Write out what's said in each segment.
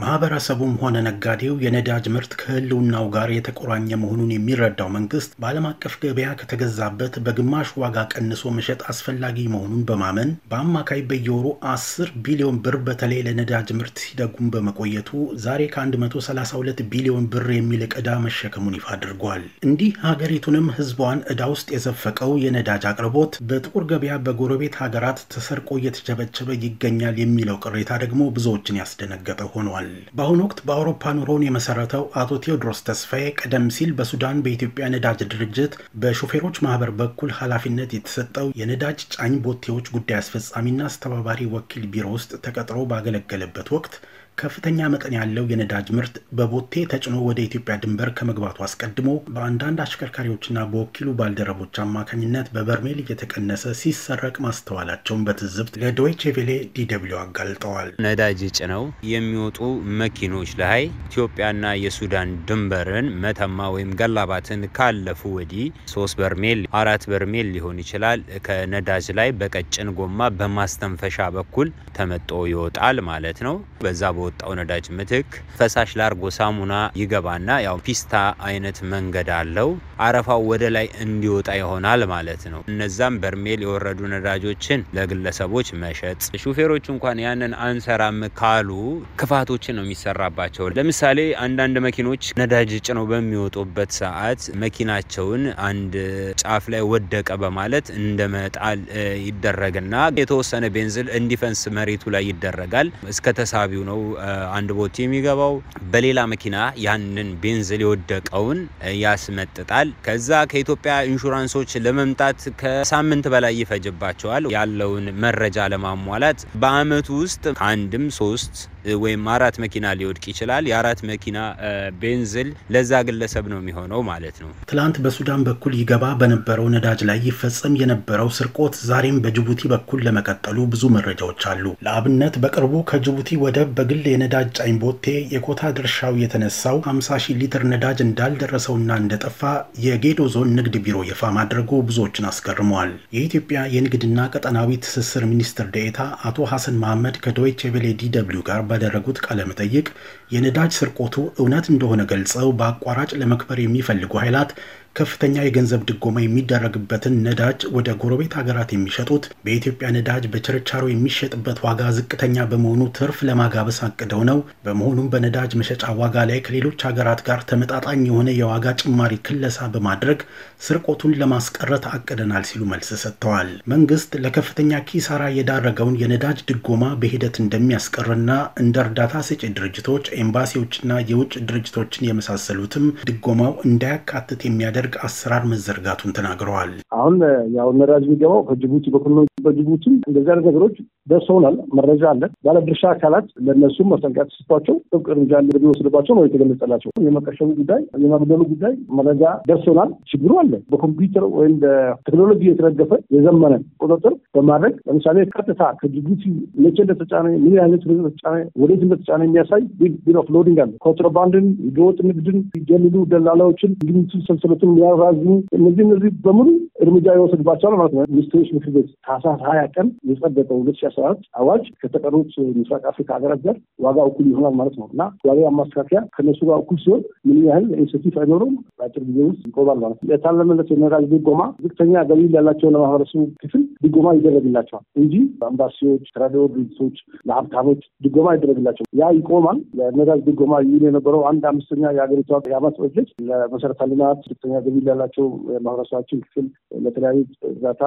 ማህበረሰቡም ሆነ ነጋዴው የነዳጅ ምርት ከህልውናው ጋር የተቆራኘ መሆኑን የሚረዳው መንግስት በዓለም አቀፍ ገበያ ከተገዛበት በግማሽ ዋጋ ቀንሶ መሸጥ አስፈላጊ መሆኑን በማመን በአማካይ በየወሩ 10 ቢሊዮን ብር በተለይ ለነዳጅ ምርት ሲደጉም በመቆየቱ ዛሬ ከ132 ቢሊዮን ብር የሚልቅ ዕዳ መሸከሙን ይፋ አድርጓል። እንዲህ ሀገሪቱንም ህዝቧን ዕዳ ውስጥ የዘፈቀው የነዳጅ አቅርቦት በጥቁር ገበያ በጎረቤት ሀገራት ተሰርቆ እየተቸበቸበ ይገኛል የሚለው ቅሬታ ደግሞ ብዙዎችን ያስደነገጠ ሆኗል። ተናግረዋል። በአሁኑ ወቅት በአውሮፓ ኑሮውን የመሰረተው አቶ ቴዎድሮስ ተስፋዬ ቀደም ሲል በሱዳን በኢትዮጵያ ነዳጅ ድርጅት በሾፌሮች ማህበር በኩል ኃላፊነት የተሰጠው የነዳጅ ጫኝ ቦቴዎች ጉዳይ አስፈጻሚና አስተባባሪ ወኪል ቢሮ ውስጥ ተቀጥሮ ባገለገለበት ወቅት ከፍተኛ መጠን ያለው የነዳጅ ምርት በቦቴ ተጭኖ ወደ ኢትዮጵያ ድንበር ከመግባቱ አስቀድሞ በአንዳንድ አሽከርካሪዎችና በወኪሉ ባልደረቦች አማካኝነት በበርሜል እየተቀነሰ ሲሰረቅ ማስተዋላቸውን በትዝብት ለዶይቼ ቬሌ ዲደብሊው አጋልጠዋል። ነዳጅ ጭነው የሚወጡ መኪኖች ላይ ኢትዮጵያና የሱዳን ድንበርን መተማ ወይም ገላባትን ካለፉ ወዲህ ሶስት በርሜል አራት በርሜል ሊሆን ይችላል ከነዳጅ ላይ በቀጭን ጎማ በማስተንፈሻ በኩል ተመጦ ይወጣል ማለት ነው በዛ በወጣው ነዳጅ ምትክ ፈሳሽ ላርጎ ሳሙና ይገባና ያው ፒስታ አይነት መንገድ አለው። አረፋው ወደ ላይ እንዲወጣ ይሆናል ማለት ነው። እነዛም በርሜል የወረዱ ነዳጆችን ለግለሰቦች መሸጥ፣ ሹፌሮች እንኳን ያንን አንሰራም ካሉ ክፋቶችን ነው የሚሰራባቸው። ለምሳሌ አንዳንድ መኪኖች ነዳጅ ጭነው በሚወጡበት ሰዓት መኪናቸውን አንድ ጫፍ ላይ ወደቀ በማለት እንደ መጣል ይደረግና የተወሰነ ቤንዝል እንዲፈንስ መሬቱ ላይ ይደረጋል። እስከ ተሳቢው ነው አንድ ቦቴ የሚገባው በሌላ መኪና ያንን ቤንዝል የወደቀውን ያስመጥጣል። ከዛ ከኢትዮጵያ ኢንሹራንሶች ለመምጣት ከሳምንት በላይ ይፈጅባቸዋል። ያለውን መረጃ ለማሟላት በአመቱ ውስጥ ከአንድም ሶስት ወይም አራት መኪና ሊወድቅ ይችላል። የአራት መኪና ቤንዝል ለዛ ግለሰብ ነው የሚሆነው ማለት ነው። ትላንት በሱዳን በኩል ይገባ በነበረው ነዳጅ ላይ ይፈጸም የነበረው ስርቆት ዛሬም በጅቡቲ በኩል ለመቀጠሉ ብዙ መረጃዎች አሉ። ለአብነት በቅርቡ ከጅቡቲ ወደብ በግል የነዳጅ ጫኝ ቦቴ የኮታ ድርሻው የተነሳው 50 ሺህ ሊትር ነዳጅ እንዳልደረሰውና እንደጠፋ የጌዶ ዞን ንግድ ቢሮ ይፋ ማድረጉ ብዙዎችን አስገርመዋል። የኢትዮጵያ የንግድና ቀጠናዊ ትስስር ሚኒስትር ዴኤታ አቶ ሐሰን መሐመድ ከዶይቼ ቬለ ዲ ደብልዩ ጋር ባደረጉት ቃለ መጠይቅ የነዳጅ ስርቆቱ እውነት እንደሆነ ገልጸው በአቋራጭ ለመክበር የሚፈልጉ ኃይላት ከፍተኛ የገንዘብ ድጎማ የሚደረግበትን ነዳጅ ወደ ጎረቤት ሀገራት የሚሸጡት በኢትዮጵያ ነዳጅ በችርቻሮ የሚሸጥበት ዋጋ ዝቅተኛ በመሆኑ ትርፍ ለማጋበስ አቅደው ነው። በመሆኑም በነዳጅ መሸጫ ዋጋ ላይ ከሌሎች ሀገራት ጋር ተመጣጣኝ የሆነ የዋጋ ጭማሪ ክለሳ በማድረግ ስርቆቱን ለማስቀረት አቅደናል ሲሉ መልስ ሰጥተዋል። መንግስት ለከፍተኛ ኪሳራ የዳረገውን የነዳጅ ድጎማ በሂደት እንደሚያስቀርና እንደ እርዳታ ሰጪ ድርጅቶች ኤምባሲዎችና የውጭ ድርጅቶችን የመሳሰሉትም ድጎማው እንዳያካትት የሚያደርግ የሚያደርግ አሰራር መዘርጋቱን ተናግረዋል። አሁን ያው ነዳጅ የሚገባው ከጅቡቲ በኩል ነው። በጅቡቲ እንደዚህ አይነት ነገሮች ደርሰውናል። መረጃ አለ። ባለድርሻ አካላት ለእነሱም ማስጠንቀቂያ ተሰጥቷቸው ጥብቅ እርምጃ እንደሚወስድባቸው ነው የተገለጸላቸው። የመቀሸሙ ጉዳይ፣ የማግደሉ ጉዳይ መረጃ ደርሶናል። ችግሩ አለ። በኮምፒውተር ወይም በቴክኖሎጂ የተደገፈ የዘመነ ቁጥጥር በማድረግ ለምሳሌ ቀጥታ ከጅቡቲ መቼ እንደተጫነ ምን አይነት ተጫነ፣ ወዴት እንደተጫነ የሚያሳይ ቢል ኦፍ ሎዲንግ አለ። ኮንትሮባንድን፣ ህገወጥ ንግድን የሚሉ ደላላዎችን ግንቱ ሰንሰለቱን የሚያራዝሙ እነዚህ እነዚህ በሙሉ እርምጃ ይወስድባቸዋል ማለት ነው። ሚኒስትሮች ምክር ቤት ታህሳስ ሀያ ቀን የጸደቀው ሁለት ሺ አስራ አራት አዋጅ ከተቀሩት ምስራቅ አፍሪካ ሀገራት ጋር ዋጋ እኩል ይሆናል ማለት ነው እና ዋጋ ማስተካከያ ከነሱ ጋር እኩል ሲሆን ምን ያህል ኢንሴንቲቭ አይኖረውም፣ በአጭር ጊዜ ውስጥ ይቆማል ማለት ነው። የታለመለት የነዳጅ ድጎማ ዝቅተኛ ገቢ ያላቸው ለማህበረሰቡ ክፍል ድጎማ ይደረግላቸዋል እንጂ አምባሲዎች፣ ተራድኦ ድርጅቶች ለሀብታሞች ድጎማ ይደረግላቸዋል። ያ ይቆማል። ለነዳጅ ድጎማ ይሁን የነበረው አንድ አምስተኛ የሀገሪቷ የአመት በጀት ለመሰረተ ልማት፣ ዝቅተኛ ገቢ ላላቸው ማህበረሰባችን ክፍል ለተለያዩ እርዳታ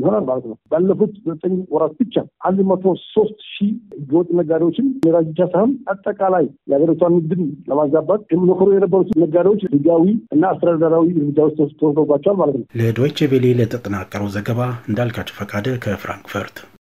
ይሆናል ማለት ነው። ባለፉት ዘጠኝ ወራት ብቻ አንድ መቶ ሶስት ሺህ ህገወጥ ነጋዴዎችን ነዳጅ ብቻ ሳይሆን አጠቃላይ የሀገሪቷን ንግድን ለማዛባት የሚሞክሩ የነበሩት ነጋዴዎች ህጋዊ እና አስተዳደራዊ እርምጃዎች ተወስዶባቸዋል ማለት ነው። ለዶይቼ ቬሌ ለተጠናቀረው ዘገባ እንዳ ዳልካቸው ፈቃደ ከፍራንክፈርት